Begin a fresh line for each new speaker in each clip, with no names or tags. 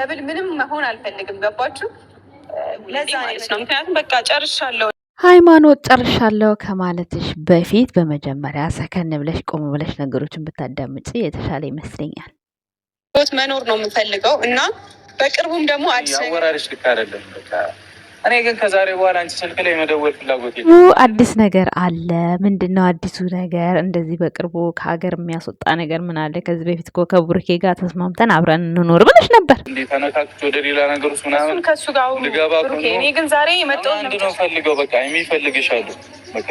ደብል ምንም መሆን አልፈልግም። ገባችሁ? ለዛ ነው። ምክንያቱም በቃ ጨርሻለሁ
ሃይማኖት ጨርሻለሁ ከማለትሽ በፊት በመጀመሪያ ሰከን ብለሽ ቆም ብለሽ ነገሮችን ብታዳምጪ የተሻለ ይመስለኛል።
ህይወት መኖር ነው የምፈልገው እና በቅርቡም ደግሞ አዲስ ነገር
እኔ ግን ከዛሬ በኋላ አንቺ ስልክ ላይ መደወል ፍላጎት
አዲስ ነገር አለ። ምንድን ነው አዲሱ ነገር? እንደዚህ በቅርቡ ከሀገር የሚያስወጣ ነገር ምን አለ? ከዚህ በፊት እኮ ከቡርኬ ጋር ተስማምተን አብረን እንኖር ብለሽ ነበር።
እንዴ ተነካክች ወደ ሌላ ነገር ውስጥ ምናምን
ከሱ ጋር እኔ ግን ዛሬ የመጣሁት
አንድ ነው ፈልገው በቃ የሚፈልግሻሉ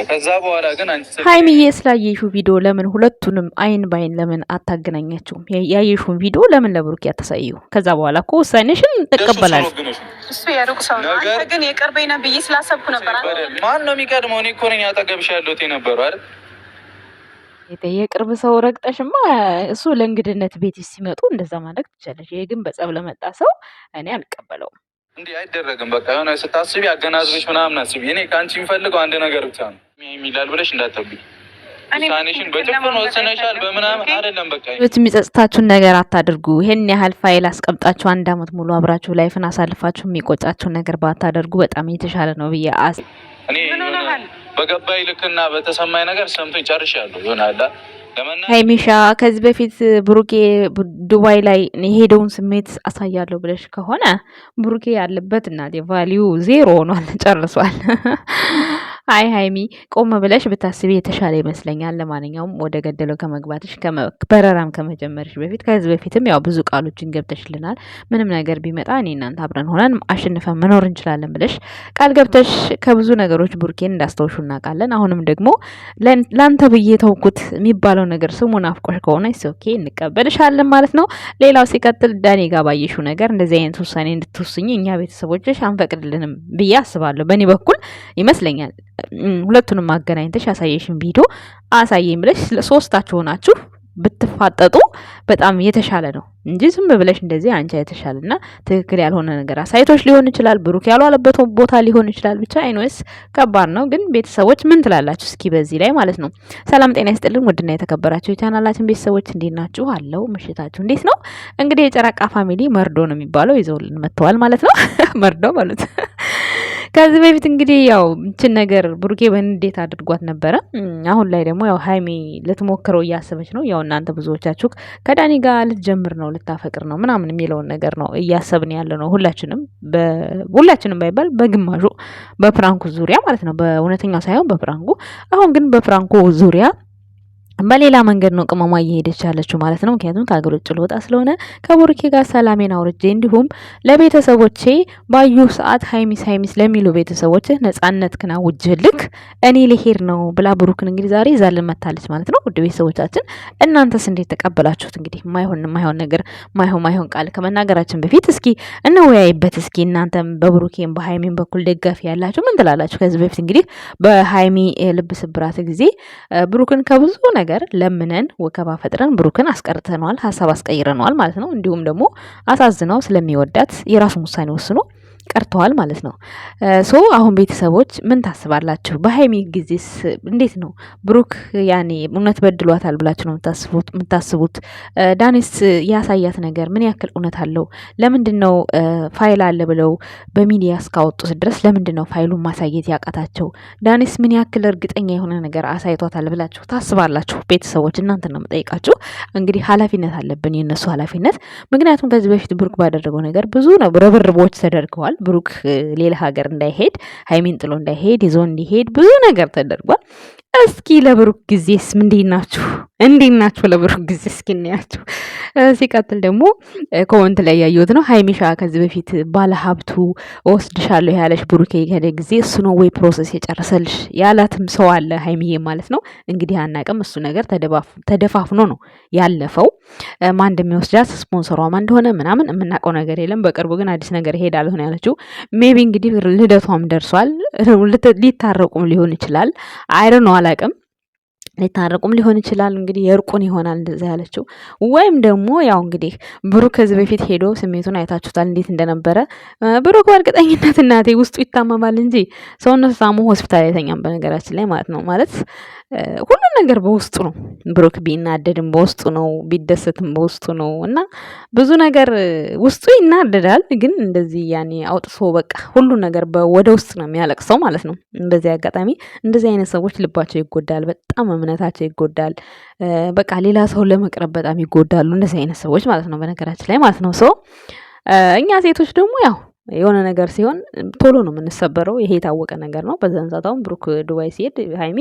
ከዛ በኋላ ግን አንቺ
ሀይሚዬ ስላየሹ ቪዲዮ ለምን ሁለቱንም አይን በአይን ለምን አታገናኛቸውም? ያየሹን ቪዲዮ ለምን ለብሩኬ አታሳየው? ከዛ በኋላ እኮ ውሳኔሽን እቀበላለሁ
እሱ የሩቅ ሰው ነው። አንተ ግን የቅርቤ ነህ ብዬ ስላሰብኩ ነበር።
ማን ነው የሚቀድመው? እኔ እኮ ነኝ አጠገብሽ ያለሁት የነበረው አይደል
የቅርብ ሰው ረግጠሽማ እሱ ለእንግድነት ቤት ሲመጡ እንደዛ ማድረግ ትችላለሽ። ይሄ ግን በጸብ ለመጣ ሰው እኔ አልቀበለውም።
እንዲህ አይደረግም። በቃ የሆነ ስታስቢ አገናዝበሽ ምናምን አስቢ። እኔ ከአንቺ የሚፈልገው አንድ ነገር ብቻ ነው። የሚላል ብለሽ እንዳትጠብቂ ህይወት
የሚጸጽታችሁን ነገር አታድርጉ። ይሄን ያህል ፋይል አስቀምጣችሁ አንድ አመት ሙሉ አብራችሁ ላይፍን አሳልፋችሁ የሚቆጫችሁ ነገር ባታደርጉ በጣም የተሻለ ነው ብዬ አስ
በገባይ ልክና በተሰማኝ ነገር ሰምቶኝ ጨርሻለሁ ይሆናል።
ሀይሚሻ ከዚህ በፊት ብሩኬ ዱባይ ላይ የሄደውን ስሜት አሳያለሁ ብለሽ ከሆነ ብሩኬ ያለበት እና ቫሊዩ ዜሮ ሆኗል፣ ጨርሷል። አይ ሀይሚ ቆም ብለሽ ብታስቢ የተሻለ ይመስለኛል። ለማንኛውም ወደ ገደለው ከመግባትሽ በረራም ከመጀመርሽ በፊት ከዚህ በፊትም ያው ብዙ ቃሎችን ገብተሽልናል። ምንም ነገር ቢመጣ እኔ እናንተ አብረን ሆነን አሸንፈን መኖር እንችላለን ብለሽ ቃል ገብተሽ ከብዙ ነገሮች ቡርኬን እንዳስታውሹ እናውቃለን። አሁንም ደግሞ ለአንተ ብዬ ተውኩት የሚባለው ነገር ስሙ ናፍቆሽ ከሆነ ኦኬ እንቀበልሻለን ማለት ነው። ሌላው ሲቀጥል ዳኔ ጋር ባየሽው ነገር እንደዚህ አይነት ውሳኔ እንድትወስኝ እኛ ቤተሰቦችሽ አንፈቅድልንም ብዬ አስባለሁ። በእኔ በኩል ይመስለኛል ሁለቱንም አገናኝተሽ ያሳየሽን ቪዲዮ አሳየኝ ብለሽ ሶስታችሁ ናችሁ ብትፋጠጡ በጣም የተሻለ ነው እንጂ ዝም ብለሽ እንደዚህ አንቺ የተሻለና ትክክል ያልሆነ ነገር አሳይቶች ሊሆን ይችላል። ብሩክ ያልዋለበት ቦታ ሊሆን ይችላል። ብቻ አይኖስ ከባድ ነው። ግን ቤተሰቦች ምን ትላላችሁ? እስኪ በዚህ ላይ ማለት ነው። ሰላም ጤና ይስጥልን። ውድና የተከበራችሁ የቻናላችን ቤተሰቦች እንዴት ናችሁ? አለው ምሽታችሁ እንዴት ነው? እንግዲህ የጨረቃ ፋሚሊ መርዶ ነው የሚባለው ይዘውልን መጥተዋል ማለት ነው። መርዶ ማለት ከዚህ በፊት እንግዲህ ያው እንችን ነገር ብሩኬ በንዴት አድርጓት ነበረ። አሁን ላይ ደግሞ ያው ሀይሚ ልትሞክረው እያሰበች ነው። ያው እናንተ ብዙዎቻችሁ ከዳኒ ጋር ልትጀምር ነው፣ ልታፈቅር ነው ምናምን የሚለውን ነገር ነው እያሰብን ያለ ነው ሁላችንም፣ ሁላችንም ባይባል በግማሹ በፕራንኩ ዙሪያ ማለት ነው፣ በእውነተኛው ሳይሆን በፕራንኩ። አሁን ግን በፕራንኩ ዙሪያ በሌላ መንገድ ነው ቅመሟ እየሄደች ያለችው ማለት ነው። ምክንያቱም ከሀገር ውጭ ልወጣ ስለሆነ ከቡርኬ ጋር ሰላሜን አውርጄ እንዲሁም ለቤተሰቦቼ ባዩ ሰዓት ሀይሚስ ሀይሚስ ለሚሉ ቤተሰቦች ነጻነት ክና ውጅልክ እኔ ልሄድ ነው ብላ ብሩክን እንግዲህ ዛሬ ይዛልን መታለች ማለት ነው። ውድ ቤተሰቦቻችን እናንተስ እንዴት ተቀበላችሁት? እንግዲህ ማይሆን ማይሆን ነገር ማይሆን ማይሆን ቃል ከመናገራችን በፊት እስኪ እንወያይበት። እስኪ እናንተም በብሩኬም በሀይሚም በኩል ደጋፊ ያላችሁ ምን ትላላችሁ? ከዚህ በፊት እንግዲህ በሀይሚ ልብ ስብራት ጊዜ ብሩክን ከብዙ ነገር ነገር ለምነን ወከባ ፈጥረን ብሩክን አስቀርተነዋል፣ ሀሳብ አስቀይረነዋል ማለት ነው። እንዲሁም ደግሞ አሳዝነው ስለሚወዳት የራሱን ውሳኔ ወስኖ ቀርተዋል ማለት ነው። ሶ አሁን ቤተሰቦች ምን ታስባላችሁ? በሀይሚ ጊዜስ እንዴት ነው? ብሩክ ያኔ እውነት በድሏታል ብላችሁ ነው የምታስቡት? ዳኒስ ያሳያት ነገር ምን ያክል እውነት አለው? ለምንድን ነው ፋይል አለ ብለው በሚዲያ እስካወጡት ድረስ ለምንድን ነው ፋይሉን ማሳየት ያቃታቸው? ዳኒስ ምን ያክል እርግጠኛ የሆነ ነገር አሳይቷታል ብላችሁ ታስባላችሁ? ቤተሰቦች እናንተ ነው የምጠይቃችሁ። እንግዲህ ኃላፊነት አለብን የእነሱ ኃላፊነት። ምክንያቱም ከዚህ በፊት ብሩክ ባደረገው ነገር ብዙ ነው ርብርቦች ተደርገዋል። ብሩክ ሌላ ሀገር እንዳይሄድ ሀይሚን ጥሎ እንዳይሄድ ይዞ እንዲሄድ ብዙ ነገር ተደርጓል። እስኪ ለብሩክ ጊዜስ እንዴት ናችሁ? እንዴት ናችሁ? ለብሩክ ጊዜ እስኪ እናያችሁ። ሲቀጥል ደግሞ ኮመንት ላይ ያየሁት ነው። ሀይሚሻ ከዚህ በፊት ባለ ሀብቱ ወስድሻለሁ ያለሽ ብሩክ የሄደ ጊዜ እሱ ነው ወይ ፕሮሰስ የጨረሰልሽ ያላትም ሰው አለ፣ ሀይሚዬ ማለት ነው። እንግዲህ አናቅም። እሱ ነገር ተደፋፍኖ ነው ያለፈው። ማን እንደሚወስዳት ስፖንሰሯ ማን እንደሆነ ምናምን የምናውቀው ነገር የለም። በቅርቡ ግን አዲስ ነገር ይሄዳል ሆነ ያለችው። ሜቢ እንግዲህ ልደቷም ደርሷል፣ ሊታረቁም ሊሆን ይችላል አይረ ነው አላውቅም ሊታረቁም ሊሆን ይችላል። እንግዲህ የእርቁን ይሆናል እንደዛ ያለችው ወይም ደግሞ ያው እንግዲህ ብሩክ ከዚህ በፊት ሄዶ ስሜቱን አይታችሁታል እንዴት እንደነበረ። ብሩክ በእርግጠኝነት እናቴ ውስጡ ይታመማል እንጂ ሰውነት ታሞ ሆስፒታል አይተኛም። በነገራችን ላይ ማለት ነው ማለት ሁሉም ነገር በውስጡ ነው። ብሩክ ቢናደድም በውስጡ ነው፣ ቢደሰትም በውስጡ ነው እና ብዙ ነገር ውስጡ ይናደዳል። ግን እንደዚህ ያኔ አውጥቶ በቃ ሁሉን ነገር ወደ ውስጥ ነው የሚያለቅሰው ማለት ነው። በዚህ አጋጣሚ እንደዚህ አይነት ሰዎች ልባቸው ይጎዳል በጣም እምነታቸው ይጎዳል። በቃ ሌላ ሰው ለመቅረብ በጣም ይጎዳሉ እንደዚህ አይነት ሰዎች ማለት ነው። በነገራችን ላይ ማለት ነው። ሰው እኛ ሴቶች ደግሞ ያው የሆነ ነገር ሲሆን ቶሎ ነው የምንሰበረው። ይሄ የታወቀ ነገር ነው። በዛን ብሩክ ዱባይ ሲሄድ ሀይሚ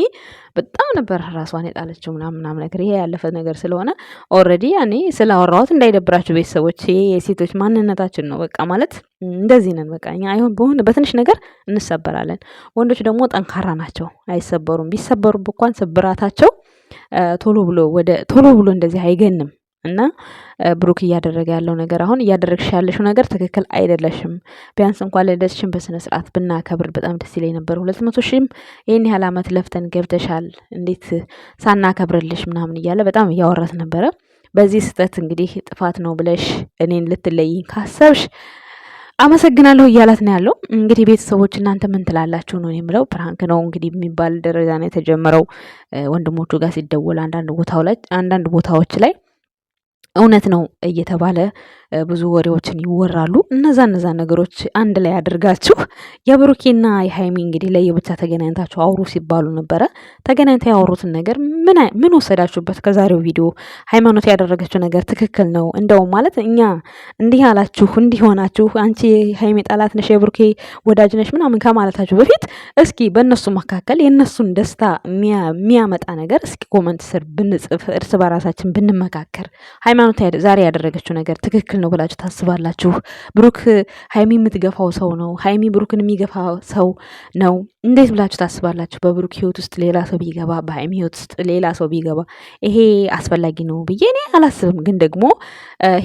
በጣም ነበር ራሷን የጣለችው ምናምን ምናምን ነገር ይሄ ያለፈ ነገር ስለሆነ ኦልሬዲ ያኔ ስላወራሁት እንዳይደብራችሁ ቤተሰቦች። ይሄ የሴቶች ማንነታችን ነው። በቃ ማለት እንደዚህ ነን። በቃ እኛ አይሆን በሆነ በትንሽ ነገር እንሰበራለን። ወንዶች ደግሞ ጠንካራ ናቸው፣ አይሰበሩም። ቢሰበሩ እንኳን ስብራታቸው ቶሎ ብሎ ወደ ቶሎ ብሎ እንደዚህ አይገንም። እና ብሩክ እያደረገ ያለው ነገር አሁን እያደረግሽ ያለሽው ነገር ትክክል አይደለሽም። ቢያንስ እንኳን ልደትሽን በስነ ስርዓት ብናከብር በጣም ደስ ይለኝ ነበር። ሁለት መቶ ሺህም ይህን ያህል ዓመት ለፍተን ገብተሻል እንዴት ሳናከብርልሽ ምናምን እያለ በጣም እያወራት ነበረ። በዚህ ስህተት እንግዲህ ጥፋት ነው ብለሽ እኔን ልትለይኝ ካሰብሽ አመሰግናለሁ እያላት ነው ያለው። እንግዲህ ቤተሰቦች እናንተ ምን ትላላችሁ ነው የምለው። ፕራንክ ነው እንግዲህ የሚባል ደረጃ ነው የተጀመረው። ወንድሞቹ ጋር ሲደወል አንዳንድ ቦታዎች ላይ እውነት ነው እየተባለ ብዙ ወሬዎችን ይወራሉ። እነዛ እነዛ ነገሮች አንድ ላይ አድርጋችሁ የብሩኬና የሀይሚ እንግዲህ ለየብቻ ተገናኝታችሁ አውሩ ሲባሉ ነበረ። ተገናኝታ ያወሩትን ነገር ምን ወሰዳችሁበት? ከዛሬው ቪዲዮ ሃይማኖት ያደረገችው ነገር ትክክል ነው እንደውም ማለት እኛ እንዲህ አላችሁ እንዲህ ሆናችሁ አንቺ የሀይሚ ጠላት ነሽ የብሩኬ ወዳጅ ነሽ ምናምን ከማለታችሁ በፊት እስኪ በእነሱ መካከል የእነሱን ደስታ የሚያመጣ ነገር እስኪ ኮመንት ስር ብንጽፍ እርስ በራሳችን ብንመካከር ሃይማኖት ዛሬ ያደረገችው ነገር ትክክል ትክክል ነው ብላችሁ ታስባላችሁ? ብሩክ ሀይሚ የምትገፋው ሰው ነው፣ ሀይሚ ብሩክን የሚገፋ ሰው ነው። እንዴት ብላችሁ ታስባላችሁ? በብሩክ ህይወት ውስጥ ሌላ ሰው ቢገባ፣ በሀይሚ ህይወት ውስጥ ሌላ ሰው ቢገባ ይሄ አስፈላጊ ነው ብዬ እኔ አላስብም። ግን ደግሞ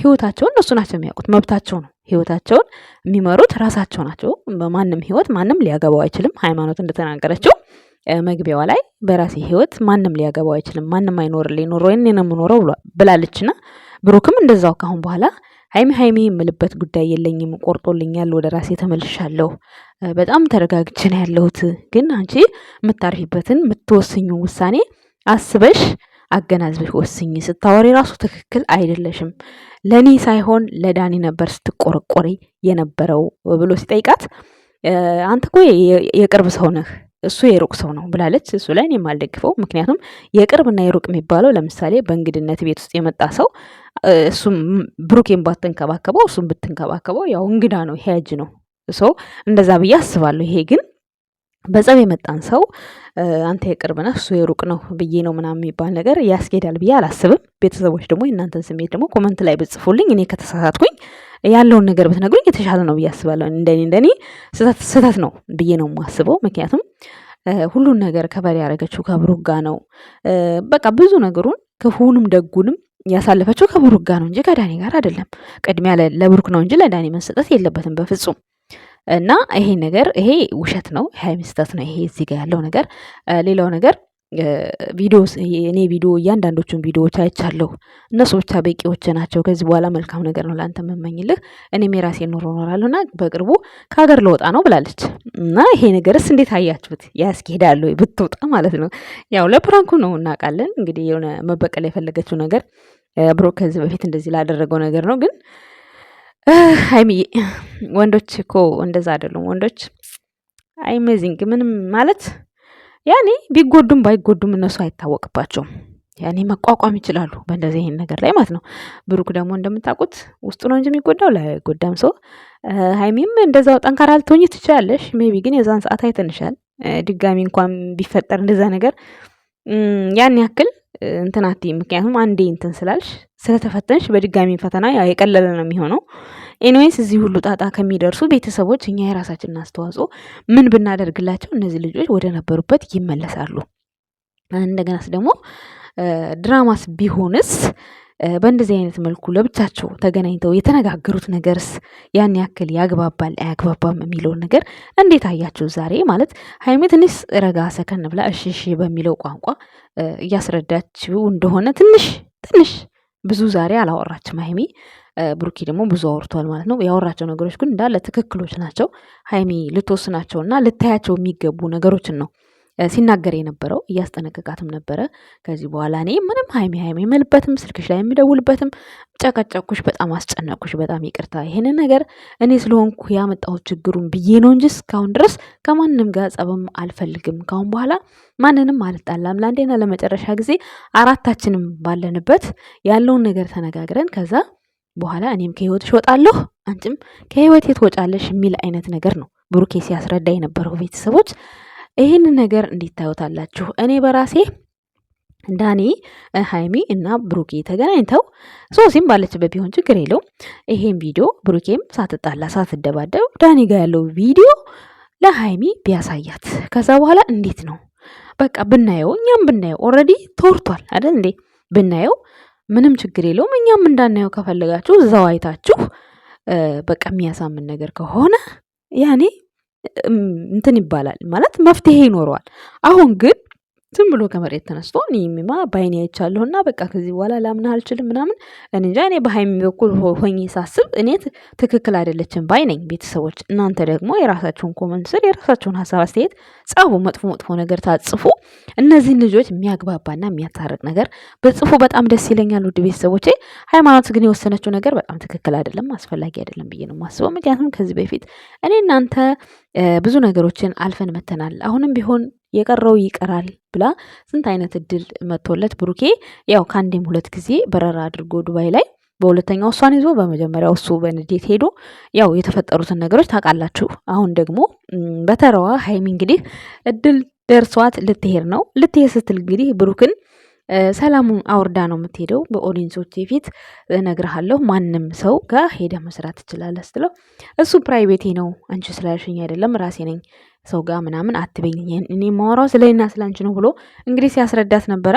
ህይወታቸውን እነሱ ናቸው የሚያውቁት፣ መብታቸው ነው። ህይወታቸውን የሚመሩት ራሳቸው ናቸው። በማንም ህይወት ማንም ሊያገባው አይችልም። ሃይማኖት እንደተናገረችው መግቢያዋ ላይ በራሴ ህይወት ማንም ሊያገባው አይችልም፣ ማንም አይኖርልኝ ኑሮ ነው የምኖረው ብላለችና ብሩክም እንደዛው ካሁን በኋላ ሀይሚ ሀይሚ የምልበት ጉዳይ የለኝም። ቆርጦልኛል፣ ወደ ራሴ ተመልሻለሁ። በጣም ተረጋግቼ ነው ያለሁት። ግን አንቺ የምታርፊበትን የምትወስኙ ውሳኔ አስበሽ አገናዝበሽ ወስኝ። ስታወሪ ራሱ ትክክል አይደለሽም። ለእኔ ሳይሆን ለዳኒ ነበር ስትቆረቆሪ የነበረው ብሎ ሲጠይቃት አንተ እኮ የቅርብ ሰው ነህ እሱ የሩቅ ሰው ነው ብላለች። እሱ ላይ እኔም አልደግፈው። ምክንያቱም የቅርብና የሩቅ የሚባለው ለምሳሌ በእንግድነት ቤት ውስጥ የመጣ ሰው እሱም ብሩኬን ባትንከባከበው እሱም ብትንከባከበው ያው እንግዳ ነው፣ ሂያጅ ነው። ሰው እንደዛ ብዬ አስባለሁ። ይሄ ግን በጸብ የመጣን ሰው አንተ የቅርብ ነህ እሱ የሩቅ ነው ብዬ ነው ምናምን የሚባል ነገር ያስኬዳል ብዬ አላስብም። ቤተሰቦች ደግሞ የእናንተን ስሜት ደግሞ ኮመንት ላይ ብጽፉልኝ እኔ ከተሳሳትኩኝ ያለውን ነገር ብትነግሩኝ የተሻለ ነው ብዬ አስባለሁ። እንደኔ እንደኔ ስህተት ነው ብዬ ነው የማስበው። ምክንያቱም ሁሉን ነገር ከበሬ ያደረገችው ከብሩክ ጋ ነው። በቃ ብዙ ነገሩን ክፉንም ደጉንም ያሳለፈችው ከብሩክ ጋ ነው እንጂ ከዳኒ ጋር አይደለም። ቅድሚያ ለብሩክ ነው እንጂ ለዳኒ መሰጠት የለበትም በፍጹም። እና ይሄ ነገር ይሄ ውሸት ነው፣ ሃይሚ ስህተት ነው። ይሄ እዚህ ጋ ያለው ነገር ሌላው ነገር ቪዲዮስ እኔ ቪዲዮ እያንዳንዶቹን ቪዲዮዎች አይቻለሁ። እነሱ ብቻ በቂዎች ናቸው። ከዚህ በኋላ መልካም ነገር ነው ለአንተ የምመኝልህ። እኔም የራሴ ኑሮ እኖራለሁና በቅርቡ ከሀገር ለወጣ ነው ብላለች እና ይሄ ነገርስ እንዴት አያችሁት? ያስኬዳሉ ብትወጣ ማለት ነው። ያው ለፕራንኩ ነው እናውቃለን። እንግዲህ የሆነ መበቀል የፈለገችው ነገር ብሮ ከዚህ በፊት እንደዚህ ላደረገው ነገር ነው። ግን ሀይሚዬ ወንዶች እኮ እንደዛ አይደሉም። ወንዶች አይሜዚንግ ምንም ማለት ያኔ ቢጎዱም ባይጎዱም እነሱ አይታወቅባቸውም። ያኔ መቋቋም ይችላሉ በእንደዚህ ይሄን ነገር ላይ ማለት ነው። ብሩክ ደግሞ እንደምታውቁት ውስጡ ነው እንጂ የሚጎዳው ላይጎዳም ሰው። ሀይሚም እንደዛው ጠንካራ ልትሆኝ ትችላለሽ። ሜቢ ግን የዛን ሰዓት አይተንሻል። ድጋሚ እንኳን ቢፈጠር እንደዛ ነገር ያን ያክል እንትናት ምክንያቱም አንዴ እንትን ስላልሽ ስለተፈተንሽ በድጋሚ ፈተና ያው የቀለለ ነው የሚሆነው። ኤኒዌይስ እዚህ ሁሉ ጣጣ ከሚደርሱ ቤተሰቦች እኛ የራሳችንን አስተዋጽኦ ምን ብናደርግላቸው እነዚህ ልጆች ወደ ነበሩበት ይመለሳሉ። እንደገናስ ደግሞ ድራማስ ቢሆንስ በእንደዚህ አይነት መልኩ ለብቻቸው ተገናኝተው የተነጋገሩት ነገርስ ያን ያክል ያግባባል አያግባባም የሚለውን ነገር እንዴት አያችሁ ዛሬ? ማለት ሀይሜ ትንሽ ረጋ ሰከን ብላ እሺ በሚለው ቋንቋ እያስረዳችው እንደሆነ ትንሽ ትንሽ ብዙ ዛሬ አላወራችም ሀይሜ ብሩኪ ደግሞ ብዙ አውርቷል ማለት ነው። ያወራቸው ነገሮች ግን እንዳለ ትክክሎች ናቸው። ሀይሚ ልትወስናቸውና ልታያቸው የሚገቡ ነገሮችን ነው ሲናገር የነበረው እያስጠነቀቃትም ነበረ። ከዚህ በኋላ እኔ ምንም ሀይሜ ሀይሜ የምልበትም ስልክሽ ላይ የሚደውልበትም ጨቀጨኩሽ፣ በጣም አስጨነቅኩሽ፣ በጣም ይቅርታ። ይሄንን ነገር እኔ ስለሆንኩ ያመጣሁት ችግሩን ብዬ ነው እንጂ እስካሁን ድረስ ከማንም ጋር ጸብም አልፈልግም። ካሁን በኋላ ማንንም አልጣላም። ለአንዴና ለመጨረሻ ጊዜ አራታችንም ባለንበት ያለውን ነገር ተነጋግረን ከዛ በኋላ እኔም ከህይወትሽ ወጣለሁ አንቺም ከህይወት የትወጫለሽ የሚል አይነት ነገር ነው ብሩኬ ሲያስረዳ የነበረው ቤተሰቦች ይህን ነገር እንዴት ታዩታላችሁ? እኔ በራሴ ዳኒ ሀይሚ እና ብሩኬ ተገናኝተው ሶሲም ባለችበት ቢሆን ችግር የለውም። ይሄን ቪዲዮ ብሩኬም ሳትጣላ ሳትደባደብ ዳኒ ጋር ያለው ቪዲዮ ለሀይሚ ቢያሳያት ከዛ በኋላ እንዴት ነው በቃ ብናየው፣ እኛም ብናየው ኦልሬዲ ተወርቷል አይደል እንዴ? ብናየው ምንም ችግር የለውም። እኛም እንዳናየው ከፈለጋችሁ እዛው አይታችሁ በቃ የሚያሳምን ነገር ከሆነ ያኔ እንትን ይባላል ማለት መፍትሄ ይኖረዋል። አሁን ግን ዝም ብሎ ከመሬት ተነስቶ እኔማ በአይኔ አይቻለሁና በቃ ከዚህ በኋላ ላምን አልችልም ምናምን። እኔ እንጃ እኔ በሀይሚ በኩል ሆኜ ሳስብ እኔ ትክክል አይደለችም ባይ ነኝ። ቤተሰቦች እናንተ ደግሞ የራሳችሁን ኮመንት ስር የራሳችሁን ሀሳብ አስተያየት ጻፉ። መጥፎ መጥፎ ነገር ታጽፉ። እነዚህን ልጆች የሚያግባባና የሚያታርቅ ነገር በጽፉ በጣም ደስ ይለኛል። ውድ ቤተሰቦቼ ሃይማኖት ግን የወሰነችው ነገር በጣም ትክክል አይደለም፣ አስፈላጊ አይደለም ብዬ ነው የማስበው። ምክንያቱም ከዚህ በፊት እኔ እናንተ ብዙ ነገሮችን አልፈን መተናል። አሁንም ቢሆን የቀረው ይቀራል ብላ ስንት አይነት እድል መጥቶለት ብሩኬ ያው ከአንዴም ሁለት ጊዜ በረራ አድርጎ ዱባይ ላይ በሁለተኛው እሷን ይዞ በመጀመሪያው እሱ በንዴት ሄዶ ያው የተፈጠሩትን ነገሮች ታውቃላችሁ። አሁን ደግሞ በተረዋ ሀይሚ እንግዲህ እድል ደርሷት ልትሄድ ነው። ልትሄድ ስትል እንግዲህ ብሩክን ሰላሙን አውርዳ ነው የምትሄደው። በኦዲንሶች ፊት እነግርሃለሁ፣ ማንም ሰው ጋር ሄደ መስራት ትችላለህ ስትለው እሱ ፕራይቬቴ ነው፣ አንቺ ስላልሽኝ አይደለም ራሴ ነኝ ሰው ጋር ምናምን አትበኝ፣ እኔ ማወራው ስለኔና ስላንቺ ነው ብሎ እንግዲህ ሲያስረዳት ነበረ።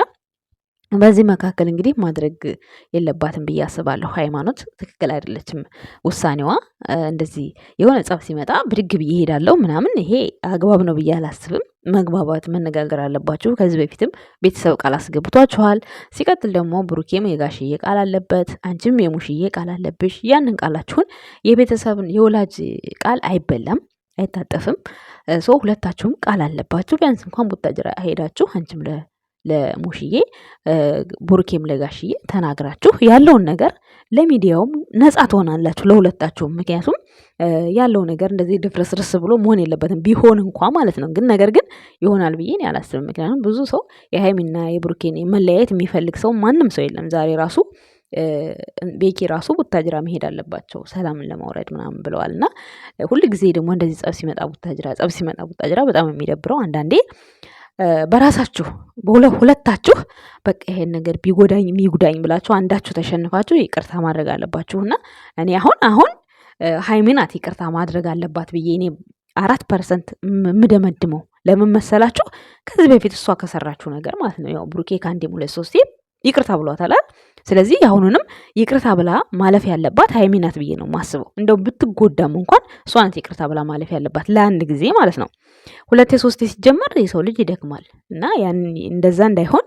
በዚህ መካከል እንግዲህ ማድረግ የለባትም ብዬ አስባለሁ። ሃይማኖት ትክክል አይደለችም። ውሳኔዋ እንደዚህ የሆነ ፀብ ሲመጣ ብድግ ብዬ ምናምን ይሄ አግባብ ነው ብዬ አላስብም። መግባባት መነጋገር አለባችሁ። ከዚህ በፊትም ቤተሰብ ቃል አስገብቷችኋል። ሲቀጥል ደግሞ ብሩኬም የጋሽዬ ቃል አለበት፣ አንቺም የሙሽዬ ቃል አለብሽ። ያንን ቃላችሁን የቤተሰብን የወላጅ ቃል አይበላም አይታጠፍም። ሶ ሁለታችሁም ቃል አለባችሁ። ቢያንስ እንኳን ቡታጅራ ሄዳችሁ አንቺም ለሙሽዬ ቡርኬም ለጋሽዬ ተናግራችሁ ያለውን ነገር ለሚዲያውም ነጻ ትሆናላችሁ ለሁለታችሁም። ምክንያቱም ያለው ነገር እንደዚህ ድፍርስርስ ብሎ መሆን የለበትም ቢሆን እንኳ ማለት ነው። ግን ነገር ግን ይሆናል ብዬ አላስብም። ምክንያቱም ብዙ ሰው የሀይሚና የቡርኬን መለያየት የሚፈልግ ሰው ማንም ሰው የለም። ዛሬ ራሱ ቤኪ ራሱ ቡታጅራ መሄድ አለባቸው ሰላምን ለማውረድ ምናምን ብለዋል። እና ሁልጊዜ ደግሞ እንደዚህ ጸብ ሲመጣ ቡታጅራ ጸብ ሲመጣ ቡታጅራ በጣም የሚደብረው አንዳንዴ በራሳችሁ ሁለታችሁ በቃ ይሄን ነገር ቢጎዳኝ የሚጉዳኝ ብላችሁ አንዳችሁ ተሸንፋችሁ ይቅርታ ማድረግ አለባችሁ። እና እኔ አሁን አሁን ሀይሚ ይቅርታ ማድረግ አለባት ብዬ እኔ አራት ፐርሰንት የምደመድመው ለምን መሰላችሁ? ከዚህ በፊት እሷ ከሰራችሁ ነገር ማለት ነው ያው ብሩኬ ከአንዴም ሁለት ሶስቴ ይቅርታ ብሏታል። ስለዚህ አሁኑንም ይቅርታ ብላ ማለፍ ያለባት ሀይሚ ናት ብዬ ነው ማስበው። እንደው ብትጎዳም እንኳን እሷ ናት ይቅርታ ብላ ማለፍ ያለባት ለአንድ ጊዜ ማለት ነው። ሁለቴ ሶስቴ ሲጀመር የሰው ልጅ ይደክማል እና ያን እንደዛ እንዳይሆን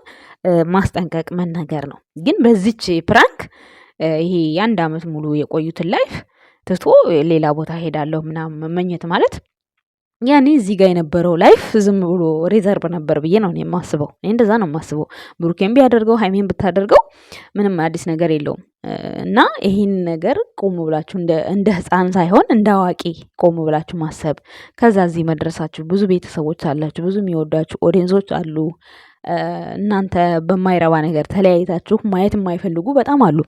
ማስጠንቀቅ መናገር ነው። ግን በዚች ፕራንክ ይሄ የአንድ አመት ሙሉ የቆዩትን ላይፍ ትቶ ሌላ ቦታ ሄዳለሁ ምናምን መመኘት ማለት ያኔ እዚህ ጋር የነበረው ላይፍ ዝም ብሎ ሬዘርቭ ነበር ብዬ ነው የማስበው። እኔ እንደዛ ነው የማስበው። ብሩኬን ቢያደርገው ሀይሜን ብታደርገው ምንም አዲስ ነገር የለውም እና ይህን ነገር ቆም ብላችሁ እንደ ህፃን ሳይሆን እንደ አዋቂ ቆም ብላችሁ ማሰብ፣ ከዛ እዚህ መድረሳችሁ። ብዙ ቤተሰቦች አላችሁ፣ ብዙ የሚወዳችሁ ኦዲንሶች አሉ። እናንተ በማይረባ ነገር ተለያይታችሁ ማየት የማይፈልጉ በጣም አሉ።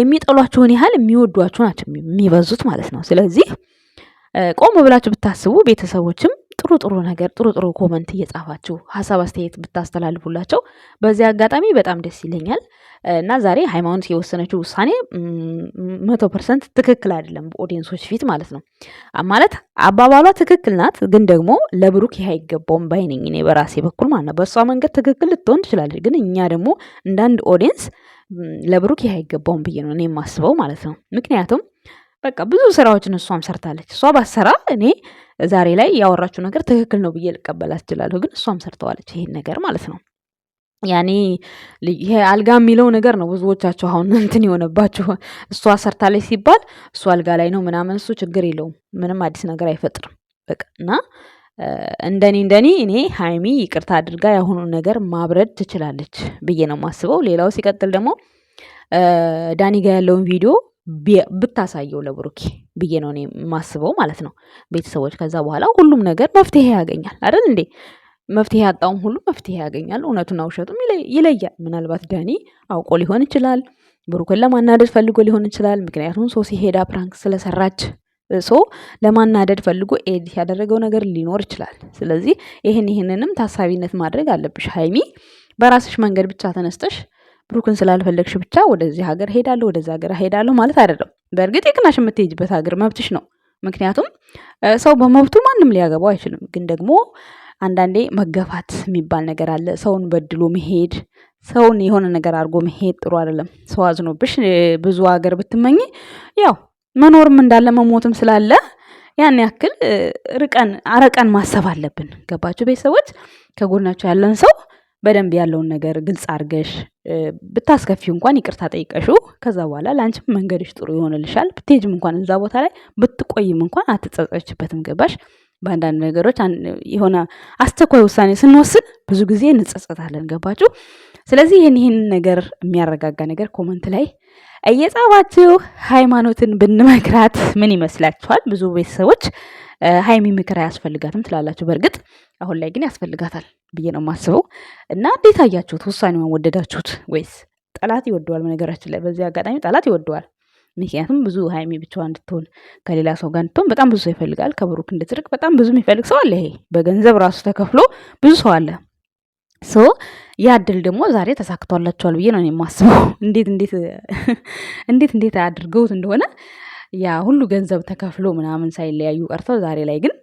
የሚጠሏችሁን ያህል የሚወዷችሁ ናቸው የሚበዙት ማለት ነው። ስለዚህ ቆም ብላችሁ ብታስቡ ቤተሰቦችም ጥሩ ጥሩ ነገር ጥሩ ጥሩ ኮመንት እየጻፋችሁ ሀሳብ አስተያየት ብታስተላልፉላቸው በዚህ አጋጣሚ በጣም ደስ ይለኛል እና ዛሬ ሃይማኖት የወሰነችው ውሳኔ መቶ ፐርሰንት ትክክል አይደለም፣ በኦዲየንሶች ፊት ማለት ነው። ማለት አባባሏ ትክክል ናት፣ ግን ደግሞ ለብሩክ ይህ አይገባውም ባይ እኔ በራሴ በኩል ማለት ነው። በእሷ መንገድ ትክክል ልትሆን ትችላለች፣ ግን እኛ ደግሞ እንዳንድ ኦዲየንስ ለብሩክ ይህ አይገባውም ብዬ ነው እኔ የማስበው ማለት ነው ምክንያቱም በቃ ብዙ ስራዎችን እሷም ሰርታለች። እሷ ባሰራ እኔ ዛሬ ላይ ያወራችው ነገር ትክክል ነው ብዬ ልቀበላት እችላለሁ። ግን እሷም ሰርተዋለች ይሄን ነገር ማለት ነው። ያኔ ይሄ አልጋ የሚለው ነገር ነው ብዙዎቻቸው አሁን እንትን የሆነባቸው። እሷ ሰርታለች ሲባል እሱ አልጋ ላይ ነው ምናምን፣ እሱ ችግር የለውም ምንም አዲስ ነገር አይፈጥርም። በቃ እና እንደኔ እንደኔ እኔ ሀይሚ ይቅርታ አድርጋ ያሁኑ ነገር ማብረድ ትችላለች ብዬ ነው የማስበው። ሌላው ሲቀጥል ደግሞ ዳኒ ጋ ያለውን ቪዲዮ ብታሳየው ለብሩኬ ብዬ ነው እኔ የማስበው ማለት ነው። ቤተሰቦች ከዛ በኋላ ሁሉም ነገር መፍትሄ ያገኛል አይደል እንዴ? መፍትሄ ያጣውም ሁሉ መፍትሄ ያገኛል። እውነቱና ውሸቱም ይለያል። ምናልባት ዳኒ አውቆ ሊሆን ይችላል፣ ብሩክን ለማናደድ ፈልጎ ሊሆን ይችላል። ምክንያቱም ሶሲ ሄዳ ፕራንክ ስለሰራች ሶ ለማናደድ ፈልጎ ኤድ ያደረገው ነገር ሊኖር ይችላል። ስለዚህ ይህን ይህንንም ታሳቢነት ማድረግ አለብሽ ሀይሚ። በራስሽ መንገድ ብቻ ተነስተሽ ብሩክን ስላልፈለግሽ ብቻ ወደዚህ ሀገር ሄዳለሁ ወደዚ ሀገር ሄዳለሁ ማለት አይደለም። በእርግጥ የቅናሽ የምትሄጅበት ሀገር መብትሽ ነው። ምክንያቱም ሰው በመብቱ ማንም ሊያገባው አይችልም። ግን ደግሞ አንዳንዴ መገፋት የሚባል ነገር አለ። ሰውን በድሎ መሄድ፣ ሰውን የሆነ ነገር አድርጎ መሄድ ጥሩ አይደለም። ሰው አዝኖብሽ ብዙ ሀገር ብትመኝ ያው መኖርም እንዳለ መሞትም ስላለ ያን ያክል ርቀን አረቀን ማሰብ አለብን። ገባችሁ ቤተሰቦች? ከጎናቸው ያለን ሰው በደንብ ያለውን ነገር ግልጽ አድርገሽ ብታስከፊው እንኳን ይቅርታ ጠይቀሹ ከዛ በኋላ ለአንቺም መንገድሽ ጥሩ ይሆንልሻል። ብትሄጅም እንኳን እዛ ቦታ ላይ ብትቆይም እንኳን አትጸጸችበትም። ገባሽ? በአንዳንድ ነገሮች የሆነ አስቸኳይ ውሳኔ ስንወስድ ብዙ ጊዜ እንጸጸታለን። ገባችሁ? ስለዚህ ይህን ይህን ነገር የሚያረጋጋ ነገር ኮመንት ላይ እየጻፋችሁ ሃይማኖትን ብንመክራት ምን ይመስላችኋል? ብዙ ቤተሰቦች ሀይሚ ምክር አያስፈልጋትም ትላላችሁ። በእርግጥ አሁን ላይ ግን ያስፈልጋታል ብዬ ነው የማስበው። እና እንዴት አያችሁት? ውሳኔውን ወደዳችሁት ወይስ? ጠላት ይወደዋል። በነገራችን ላይ በዚህ አጋጣሚ ጠላት ይወደዋል። ምክንያቱም ብዙ ሀይሚ ብቻዋ እንድትሆን ከሌላ ሰው ጋር እንድትሆን በጣም ብዙ ሰው ይፈልጋል። ከብሩክ እንድትርቅ በጣም ብዙ የሚፈልግ ሰው አለ። ይሄ በገንዘብ ራሱ ተከፍሎ ብዙ ሰው አለ። ሶ ያ ድል ደግሞ ዛሬ ተሳክቷላቸዋል ብዬ ነው የማስበው። እንዴት እንዴት እንዴት እንዴት አድርገውት እንደሆነ ያ ሁሉ ገንዘብ ተከፍሎ ምናምን ሳይለያዩ ቀርተው ዛሬ ላይ ግን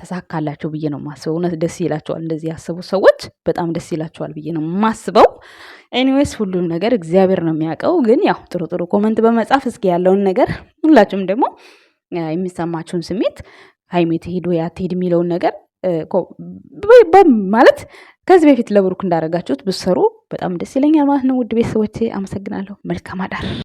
ተሳካላቸው ብዬ ነው ማስበው እውነት ደስ ይላቸዋል፣ እንደዚህ ያሰቡ ሰዎች በጣም ደስ ይላቸዋል ብዬ ነው ማስበው ኤኒዌይስ ሁሉም ነገር እግዚአብሔር ነው የሚያውቀው። ግን ያው ጥሩ ጥሩ ኮመንት በመጻፍ እስኪ ያለውን ነገር ሁላችሁም ደግሞ የሚሰማችሁን ስሜት ሀይሜ ትሄድ ወይ አትሄድ የሚለውን ነገር ማለት ከዚህ በፊት ለብሩክ እንዳደረጋችሁት ብትሰሩ በጣም ደስ ይለኛል ማለት ነው። ውድ ቤተሰቦቼ አመሰግናለሁ። መልካም አዳር